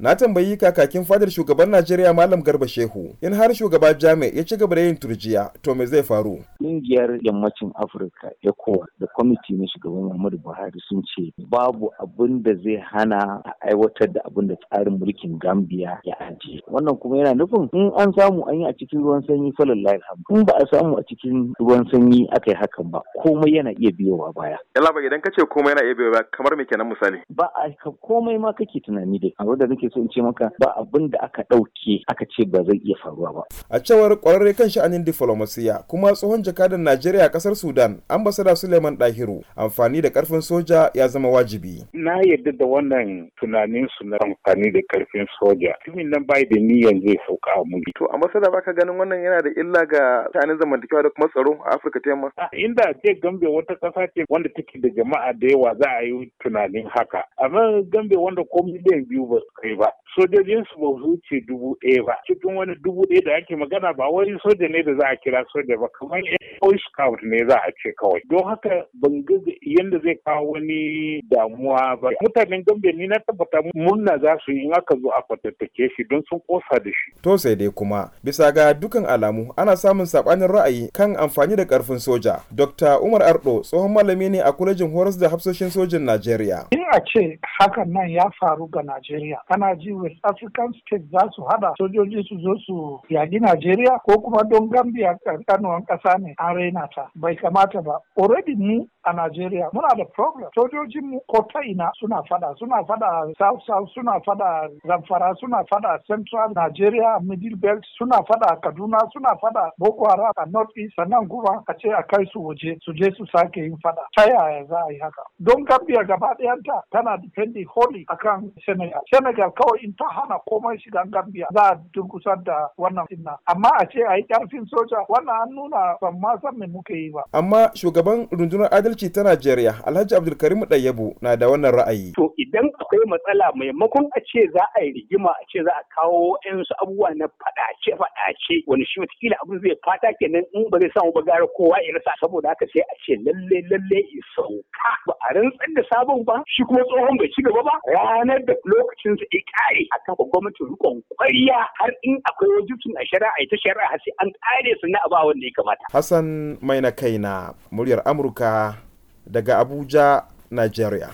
Na tambayi kakakin fadar shugaban Najeriya Malam Garba Shehu in har shugaba Jami ya ci gaba da yin turjiya to me zai faru? kungiyar yammacin afirka ecowas da kwamiti na shugaban muhammadu buhari sun ce babu abin da zai hana a aiwatar da abin da tsarin mulkin gambia ya ajiye wannan kuma yana nufin in an samu an yi a cikin ruwan sanyi falon alhamdu in ba a samu a cikin ruwan sanyi aka yi hakan ba komai yana iya biyowa baya yalla ba idan ce komai yana iya biyowa kamar me kenan misali ba a komai ma kake tunani dai abin da nake so in ce maka ba abin da aka dauke aka ce ba zai iya faruwa ba a cewar kwararre kan sha'anin diplomasiya kuma tsohon jaka jakadan Najeriya kasar Sudan, ambasada Suleiman Dahiru, amfani da karfin soja ya zama wajibi. Na yarda da wannan tunanin su na amfani da karfin soja. Mutumin nan bai da niyan zai sauka a To ambasada baka ganin wannan yana da illa ga tsanin zamantakewa da kuma tsaro a Afirka ta Yamma. Inda ce Gambia wata kasa ce wanda take da jama'a da yawa za a yi tunanin haka. Amma Gambia wanda ko miliyan biyu ba su kai ba. Sojojin su ba su ce dubu ɗaya ba. Cikin wani dubu ɗaya da ake magana ba wani soja ne da za a kira soja ba kamar boy scout ne za a ce kawai don haka ban ga yadda zai kawo wani damuwa ba mutanen gambe ni na tabbata murna za su yi in aka zo a fatattake shi don sun kosa da shi to sai dai kuma bisa ga dukan alamu ana samun sabanin ra'ayi kan amfani da karfin soja dr umar ardo tsohon malami ne a kwalejin horas da hafsoshin sojin najeriya a ce hakan nan ya faru ga Najeriya ana ji West African State za su hada sojoji su zo su yaki Najeriya ko kuma don Gambia kanuwan ƙasa ne an raina ta bai kamata ba already mu a Najeriya muna da problem sojojin mu ko ta ina suna fada suna fada South South suna fada Zamfara suna fada Central Najeriya, Middle Belt suna fada Kaduna suna fada Boko Haram a North East sannan kuma a ce a kai su waje su je su sake yin fada ta yaya za a yi haka don Gambia gaba ɗayan ta Gambia tana depending a kan Senegal. Senegal kawai in ta hana komai shiga Gambia za a durkusar da wannan sinna Amma a ce a yi ƙarfin soja wannan an nuna ban ma san me muke yi ba. Amma shugaban rundunar adalci ta Najeriya Alhaji Abdulkarim Ɗayyabu na da wannan ra'ayi. To idan akwai matsala maimakon a ce za a yi rigima a ce za a kawo yansu abubuwa na faɗace faɗace wani shi watakila abin zai fata kenan in ba zai samu bagara kowa ya rasa saboda haka sai a ce lalle lalle ya sauka ba a rantsar da sabon ba shi kuma tsohon bai ci gaba ba ranar da lokacin su ya kare a kafa gwamnati, rikon kwarya har in akwai wajibcin a shari'a ita shari'a har sai an kare su na abawa wanda ya kamata. Hassan mai na kaina muryar Amurka daga Abuja, Nigeria.